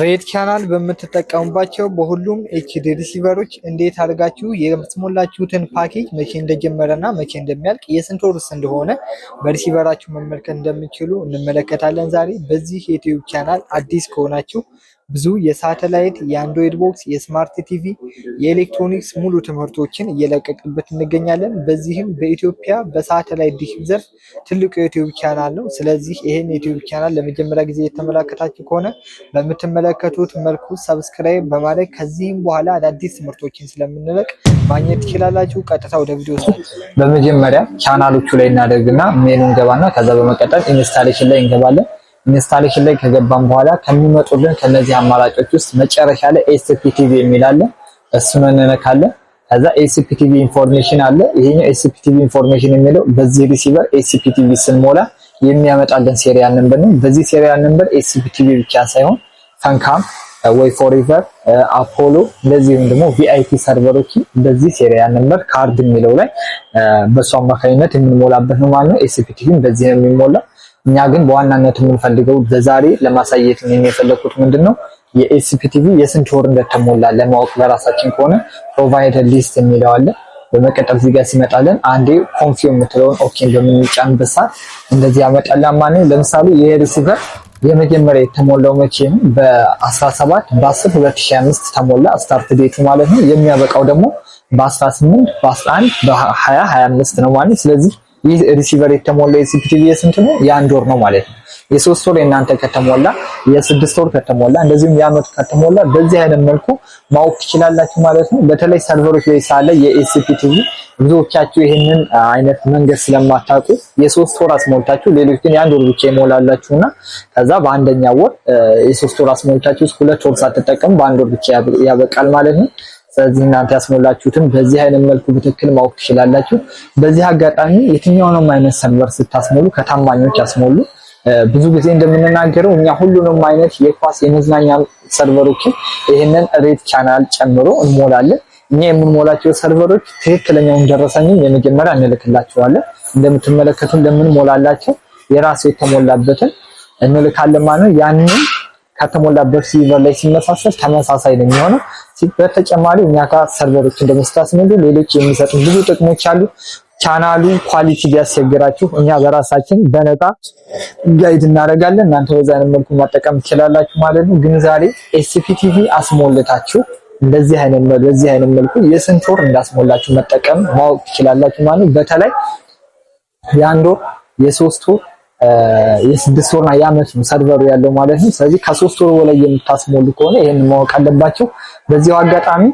ሬድ ቻናል በምትጠቀሙባቸው በሁሉም ኤችዲ ሪሲቨሮች እንዴት አድርጋችሁ የምትሞላችሁትን ፓኬጅ መቼ እንደጀመረና መቼ እንደሚያልቅ የስንት ወርስ እንደሆነ በሪሲቨራችሁ መመልከት እንደምችሉ እንመለከታለን። ዛሬ በዚህ ዩቲዩብ ቻናል አዲስ ከሆናችሁ ብዙ የሳተላይት የአንድሮይድ ቦክስ የስማርት ቲቪ የኤሌክትሮኒክስ ሙሉ ትምህርቶችን እየለቀቅበት እንገኛለን። በዚህም በኢትዮጵያ በሳተላይት ዲሽ ዘርፍ ትልቁ የዩቲዩብ ቻናል ነው። ስለዚህ ይህን የዩቲዩብ ቻናል ለመጀመሪያ ጊዜ የተመለከታችሁ ከሆነ በምትመለከቱት መልኩ ሰብስክራይብ በማድረግ ከዚህም በኋላ አዳዲስ ትምህርቶችን ስለምንለቅ ማግኘት ትችላላችሁ። ቀጥታ ወደ ቪዲዮ በመጀመሪያ ቻናሎቹ ላይ እናደርግና ሜኑ እንገባና ከዛ በመቀጠል ኢንስታሌሽን ላይ እንገባለን። ኢንስታሌሽን ላይ ከገባን በኋላ ከሚመጡልን ከነዚህ አማራጮች ውስጥ መጨረሻ ላይ ኤስፒ ቲቪ የሚል አለ። እሱን እንነካለን። ከዛ ኤስፒ ቲቪ ኢንፎርሜሽን አለ። ይሄኛው ቲቪ ኢንፎርሜሽን የሚለው በዚህ ሪሲቨር ኤስፒ ኤስፒቲቪ ስንሞላ የሚያመጣልን ሴሪያል ነምበር ነው። በዚህ ሴሪያል ነምበር ኤስፒ ቲቪ ብቻ ሳይሆን ፈንካም ወይ ፎሪቨር አፖሎ እንደዚሁም ደግሞ ቪአይፒ ሰርቨሮች በዚህ ሴሪያል ነምበር ካርድ የሚለው ላይ በእሱ አማካኝነት የምንሞላበት ነው ማለት ነው። ኤስፒቲቪን በዚህ ነው የሚሞላው። እኛ ግን በዋናነት የምንፈልገው ለዛሬ ለማሳየት የፈለኩት ምንድን ነው የኤስፒቲቪ የስንት ወር እንደተሞላ ለማወቅ በራሳችን ከሆነ ፕሮቫይደር ሊስት የሚለው አለ። በመቀጠል እዚህ ጋር ሲመጣለን አንዴ ኮንፊ የምትለውን ኦኬን በምንጫንበት ሰዓት እንደዚህ ያመጣለን ማን ለምሳሌ ይሄ ሪሲቨር የመጀመሪያ የተሞላው መቼ ነው? በ17 በ10 2005 ተሞላ ስታርት ዴቱ ማለት ነው። የሚያበቃው ደግሞ በ18 በ11 በ20 25 ነው ማለት ስለዚህ ይህ ሪሲቨር የተሞላ የሲፒቲቪ የስንት ነው? የአንድ ወር ነው ማለት ነው። የሶስት ወር የእናንተ ከተሞላ፣ የስድስት ወር ከተሞላ፣ እንደዚሁም የአመት ከተሞላ በዚህ አይነት መልኩ ማወቅ ትችላላችሁ ማለት ነው። በተለይ ሰርቨሮች ላይ ሳለ የኤሲፒቲቪ ብዙዎቻችሁ ይህንን አይነት መንገድ ስለማታውቁ የሶስት ወር አስሞልታችሁ ሌሎች ግን የአንድ ወር ብቻ ይሞላላችሁ እና ከዛ በአንደኛ ወር የሶስት ወር አስሞልታችሁ ሁለት ወር ሳትጠቀሙ በአንድ ወር ብቻ ያበቃል ማለት ነው። ስለዚህ እናንተ ያስሞላችሁትን በዚህ አይነት መልኩ በትክክል ማወቅ ትችላላችሁ። በዚህ አጋጣሚ የትኛውንም አይነት ሰርቨር ስታስሞሉ ከታማኞች ያስሞሉ። ብዙ ጊዜ እንደምንናገረው እኛ ሁሉንም አይነት የኳስ የመዝናኛ ሰርቨሮችን ይህንን ሬድ ቻናል ጨምሮ እንሞላለን። እኛ የምንሞላቸው ሰርቨሮች ትክክለኛውን ደረሰኝም የመጀመሪያ እንልክላቸዋለን። እንደምትመለከቱ እንደምንሞላላቸው የራሱ የተሞላበትን እንልካለን ማለት ነው ያንን ከተሞላበት ሲቨር ላይ ሲመሳሰል ተመሳሳይ ነው የሚሆነው። በተጨማሪ እኛ ጋር ሰርቨሮች እንደመስታ ስንሉ ሌሎች የሚሰጡ ብዙ ጥቅሞች አሉ። ቻናሉ ኳሊቲ ቢያስቸግራችሁ እኛ በራሳችን በነፃ ጋይድ እናደርጋለን። እናንተ በዛን መልኩ መጠቀም ትችላላችሁ ማለት ነው። ግን ዛሬ ኤስፒቲቪ አስሞልታችሁ እንደዚህ አይነት መልኩ በዚህ አይነት መልኩ የስንት ወር እንዳስሞላችሁ መጠቀም ማወቅ ትችላላችሁ ማለት ነው። በተለይ የአንድ ወር የሶስት ወር የስድስት ወርና የዓመት ነው ሰርቨሩ ያለው ማለት ነው። ስለዚህ ከሶስት ወር በላይ የምታስሞሉ ከሆነ ይህን ማወቅ አለባቸው። በዚያው አጋጣሚ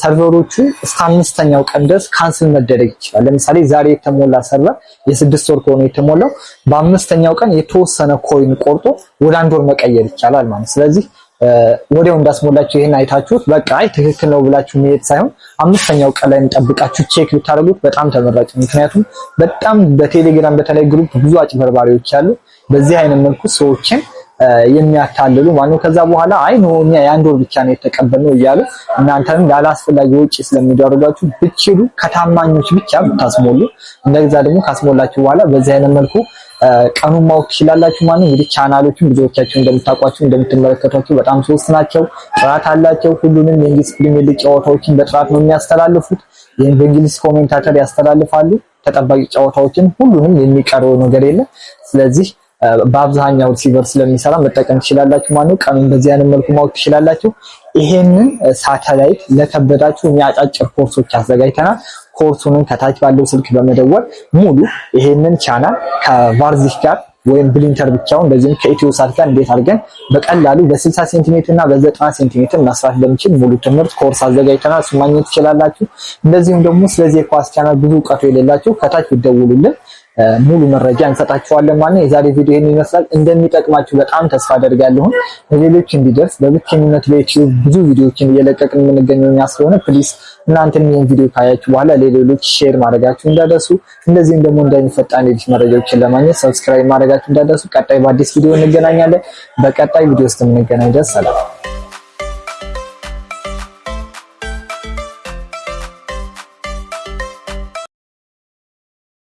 ሰርቨሮቹ እስከ አምስተኛው ቀን ድረስ ካንስል መደረግ ይችላል። ለምሳሌ ዛሬ የተሞላ ሰርቨር የስድስት ወር ከሆነ የተሞላው በአምስተኛው ቀን የተወሰነ ኮይን ቆርጦ ወደ አንድ ወር መቀየር ይቻላል ማለት ስለዚህ ወዲያው እንዳስሞላችሁ ይሄን አይታችሁት በቃ አይ ትክክል ነው ብላችሁ መሄድ ሳይሆን አምስተኛው ቀን ላይ ጠብቃችሁ ቼክ ብታደርጉት በጣም ተመራጭ። ምክንያቱም በጣም በቴሌግራም በተለይ ግሩፕ ብዙ አጭበርባሪዎች አሉ። በዚህ አይነት መልኩ ሰዎችን የሚያታልሉ ማነው። ከዛ በኋላ አይ ነው እኛ የአንድ ወር ብቻ ነው የተቀበልነው እያሉ እናንተም ላላስፈላጊ ወጪ ስለሚዳርጋችሁ ብችሉ ከታማኞች ብቻ ብታስሞሉ እንደዛ ደግሞ ካስሞላችሁ በኋላ በዚህ አይነት መልኩ ቀኑን ማወቅ ትችላላችሁ ማለት ነው። እንግዲህ ቻናሎቹን ብዙዎቻችሁ እንደምታውቋቸው እንደምትመለከቷቸው በጣም ሶስት ናቸው፣ ጥራት አላቸው። ሁሉንም የእንግሊዝ ፕሪሚየር ሊግ ጨዋታዎችን በጥራት ነው የሚያስተላልፉት። ይህም በእንግሊዝ ኮሜንታተር ያስተላልፋሉ። ተጠባቂ ጨዋታዎችን ሁሉንም የሚቀርበው ነገር የለም። ስለዚህ በአብዛኛው ሲቨር ስለሚሰራ መጠቀም ትችላላችሁ ማለት ነው። ቀኑን በዚህ አይነት መልኩ ማወቅ ትችላላችሁ። ይሄንን ሳተላይት ለከበዳችሁ የሚያጫጭር ኮርሶች አዘጋጅተናል። ኮርሱንም ከታች ባለው ስልክ በመደወል ሙሉ ይሄንን ቻናል ከቫርዚክ ጋር ወይም ብሊንተር ብቻው እንደዚህም ከኢትዮ ሳት ጋር እንዴት አድርገን በቀላሉ በ60 ሴንቲሜትር እና በ90 ሴንቲሜትር መስራት በሚችል ሙሉ ትምህርት ኮርስ አዘጋጅተናል። እሱ ማግኘት ትችላላችሁ። እንደዚሁም ደግሞ ስለዚህ የኳስ ቻናል ብዙ እውቀቱ የሌላችሁ ከታች ይደውሉልን። ሙሉ መረጃ እንሰጣችኋለን ማለት ነው። የዛሬ ቪዲዮ ይህን ይመስላል። እንደሚጠቅማችሁ በጣም ተስፋ አደርጋለሁ። ለሌሎች እንዲደርስ በብቸኝነት በዩቲዩብ ብዙ ቪዲዮዎችን እየለቀቅን የምንገኘው እኛ ስለሆነ ፕሊስ እናንተም ይህን ቪዲዮ ካያችሁ በኋላ ለሌሎች ሼር ማድረጋችሁ እንዳደሱ፣ እንደዚህም ደግሞ እንዳይፈጣን ሌሎች መረጃዎችን ለማግኘት ሰብስክራይብ ማድረጋችሁ እንዳደሱ። ቀጣይ በአዲስ ቪዲዮ እንገናኛለን። በቀጣይ ቪዲዮ እስከምንገናኝ የምንገናኝ ደስ ሰላም